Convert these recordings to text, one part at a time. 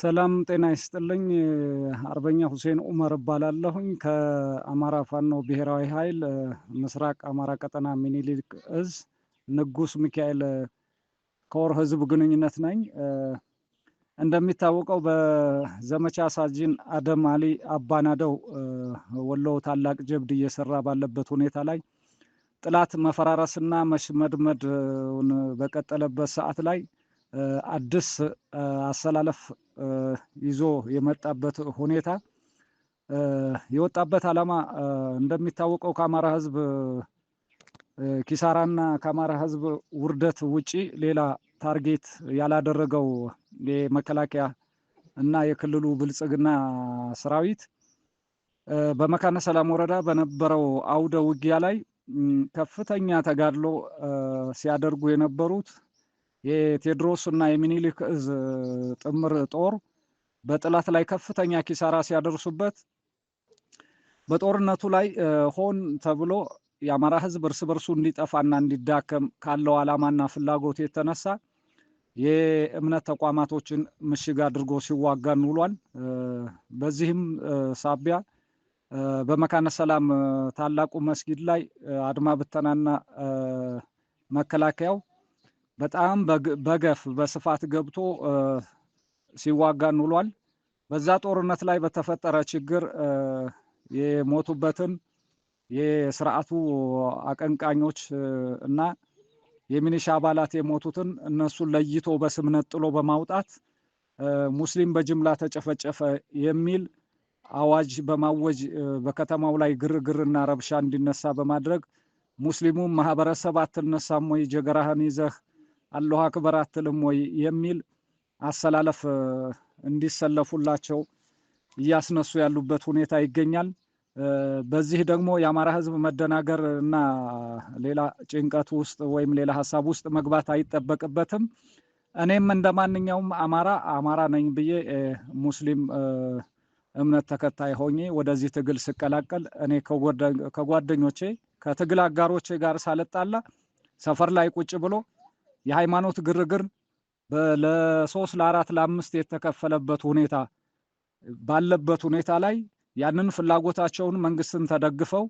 ሰላም ጤና ይስጥልኝ። አርበኛ ሁሴን ኡመር እባላለሁኝ ከአማራ ፋኖ ብሔራዊ ኃይል ምስራቅ አማራ ቀጠና ሚኒሊክ እዝ ንጉስ ሚካኤል ከወር ህዝብ ግንኙነት ነኝ። እንደሚታወቀው በዘመቻ ሳጅን አደም አሊ አባናደው ወሎ ታላቅ ጀብድ እየሰራ ባለበት ሁኔታ ላይ ጥላት መፈራረስና መሽመድመድን በቀጠለበት ሰዓት ላይ አዲስ አሰላለፍ ይዞ የመጣበት ሁኔታ የወጣበት ዓላማ እንደሚታወቀው ከአማራ ሕዝብ ኪሳራና ከአማራ ሕዝብ ውርደት ውጪ ሌላ ታርጌት ያላደረገው የመከላከያ እና የክልሉ ብልጽግና ሰራዊት በመካነ ሰላም ወረዳ በነበረው አውደ ውጊያ ላይ ከፍተኛ ተጋድሎ ሲያደርጉ የነበሩት የቴዎድሮስ እና የሚኒሊክ እዝ ጥምር ጦር በጠላት ላይ ከፍተኛ ኪሳራ ሲያደርሱበት በጦርነቱ ላይ ሆን ተብሎ የአማራ ሕዝብ እርስ በርሱ እንዲጠፋና እንዲዳከም ካለው ዓላማና ፍላጎት የተነሳ የእምነት ተቋማቶችን ምሽግ አድርጎ ሲዋጋን ውሏል። በዚህም ሳቢያ በመካነ ሰላም ታላቁ መስጊድ ላይ አድማ ብተናና መከላከያው በጣም በገፍ በስፋት ገብቶ ሲዋጋን ውሏል። በዛ ጦርነት ላይ በተፈጠረ ችግር የሞቱበትን የስርዓቱ አቀንቃኞች እና የሚኒሻ አባላት የሞቱትን እነሱን ለይቶ በስም ነጥሎ በማውጣት ሙስሊም በጅምላ ተጨፈጨፈ የሚል አዋጅ በማወጅ በከተማው ላይ ግርግርና ረብሻ እንዲነሳ በማድረግ ሙስሊሙም ማህበረሰብ አትነሳም ወይ ጀገራህን ይዘህ አላሁ አክበር አትልም ወይ የሚል አሰላለፍ እንዲሰለፉላቸው እያስነሱ ያሉበት ሁኔታ ይገኛል። በዚህ ደግሞ የአማራ ህዝብ መደናገር እና ሌላ ጭንቀት ውስጥ ወይም ሌላ ሀሳብ ውስጥ መግባት አይጠበቅበትም። እኔም እንደ ማንኛውም አማራ አማራ ነኝ ብዬ ሙስሊም እምነት ተከታይ ሆኜ ወደዚህ ትግል ስቀላቀል እኔ ከጓደኞቼ ከትግል አጋሮቼ ጋር ሳልጣላ ሰፈር ላይ ቁጭ ብሎ የሃይማኖት ግርግር ለሶስት ለአራት ለአምስት የተከፈለበት ሁኔታ ባለበት ሁኔታ ላይ ያንን ፍላጎታቸውን መንግስትን ተደግፈው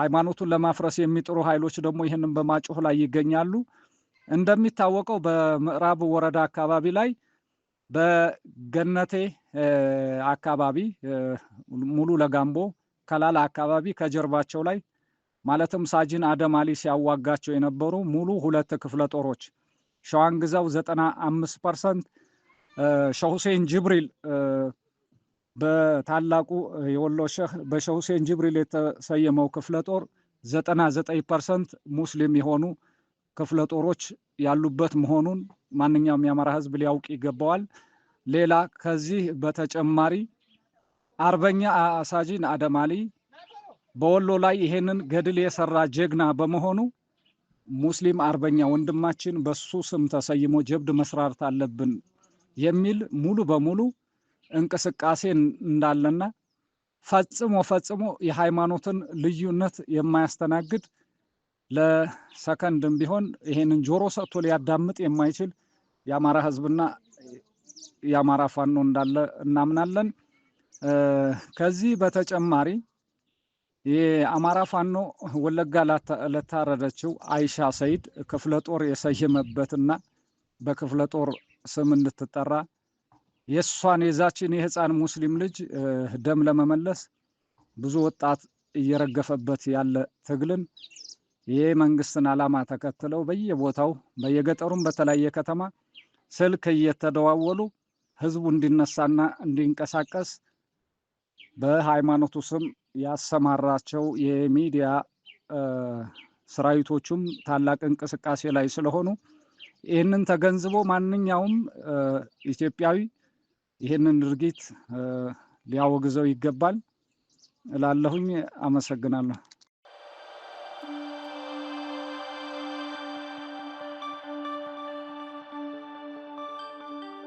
ሃይማኖቱን ለማፍረስ የሚጥሩ ኃይሎች ደግሞ ይህንን በማጮህ ላይ ይገኛሉ። እንደሚታወቀው በምዕራብ ወረዳ አካባቢ ላይ በገነቴ አካባቢ ሙሉ ለጋምቦ ከላላ አካባቢ ከጀርባቸው ላይ ማለትም ሳጅን አደማሊ ሲያዋጋቸው የነበሩ ሙሉ ሁለት ክፍለ ጦሮች ሸዋንግዛው 95 ፐርሰንት ሸሁሴን ጅብሪል በታላቁ የወሎ ሸህ በሸህ ሁሴን ጅብሪል የተሰየመው ክፍለ ጦር 99 ፐርሰንት ሙስሊም የሆኑ ክፍለ ጦሮች ያሉበት መሆኑን ማንኛውም የአማራ ህዝብ ሊያውቅ ይገባዋል። ሌላ ከዚህ በተጨማሪ አርበኛ አሳጂን አደማሊ በወሎ ላይ ይሄንን ገድል የሰራ ጀግና በመሆኑ ሙስሊም አርበኛ ወንድማችን በሱ ስም ተሰይሞ ጀብድ መስራት አለብን የሚል ሙሉ በሙሉ እንቅስቃሴ እንዳለና ፈጽሞ ፈጽሞ የሃይማኖትን ልዩነት የማያስተናግድ ለሰከንድም ቢሆን ይሄንን ጆሮ ሰጥቶ ሊያዳምጥ የማይችል የአማራ ህዝብና የአማራ ፋኖ እንዳለ እናምናለን። ከዚህ በተጨማሪ የአማራ ፋኖ ወለጋ ለታረደችው አይሻ ሰይድ ክፍለ ጦር የሰየመበትና በክፍለ ጦር ስም እንድትጠራ የእሷን የዛችን የህፃን ሙስሊም ልጅ ደም ለመመለስ ብዙ ወጣት እየረገፈበት ያለ ትግልን ይህ መንግስትን አላማ ተከትለው በየቦታው በየገጠሩም በተለያየ ከተማ ስልክ እየተደዋወሉ ህዝቡ እንዲነሳና እንዲንቀሳቀስ በሃይማኖቱ ስም ያሰማራቸው የሚዲያ ሰራዊቶቹም ታላቅ እንቅስቃሴ ላይ ስለሆኑ ይህንን ተገንዝቦ ማንኛውም ኢትዮጵያዊ ይህንን ድርጊት ሊያወግዘው ይገባል እላለሁኝ። አመሰግናለሁ።